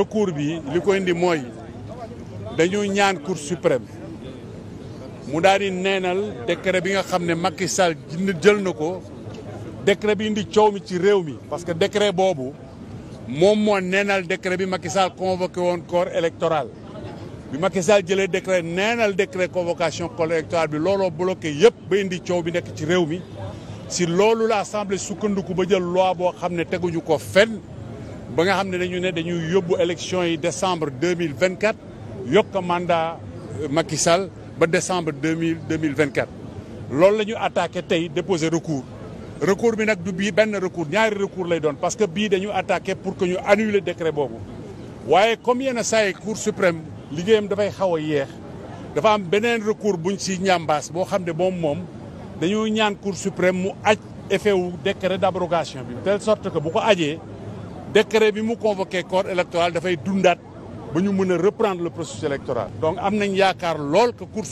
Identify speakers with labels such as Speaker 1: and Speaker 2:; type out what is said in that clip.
Speaker 1: recours bi li ko indi mooy dañu ñaan cour suprême mu daal di neenal décret bi nga xam ne Macky Sall jël na ko décret bi indi coow mi ci réew mi parce que décret boobu moom moo neenal décret bi Macky Sall convoqué woon corps électoral bi Macky Sall jëlee décret neenal décret convocation corps électoral bi looloo bloqué yëpp ba indi coow bi nekk ci réew mi si loolu la assemblée sukkandiku ba jël loi boo xam ne teguñu ko fenn ba nga xam ne dañu ne dañuy yóbbu élection yi décembre deux mille vingt quatre yokk mandat euh, Macky Sall ba décembre deux mille deux mille vingt quatre loolu la ñu attaqué tey déposé recours recours bi nag du bii benn recours ñaari recours lay doon parce que bii dañu attaqué pour que ñu annuler décret boobu waaye comme yenn saa yi cour suprême liggéeyam dafay xaw a yéex dafa am beneen recours buñ si ñambaas boo xam ne moom moom dañoo ñaan cour suprême mu aj effet wu décret d'abrogation bi de telle sorte que bu ko ajee décret bi mu convoqué corps électoral dafay dundaat ba ñu mën a reprendre le processus électoral donc am nañ yaakaar lool que cour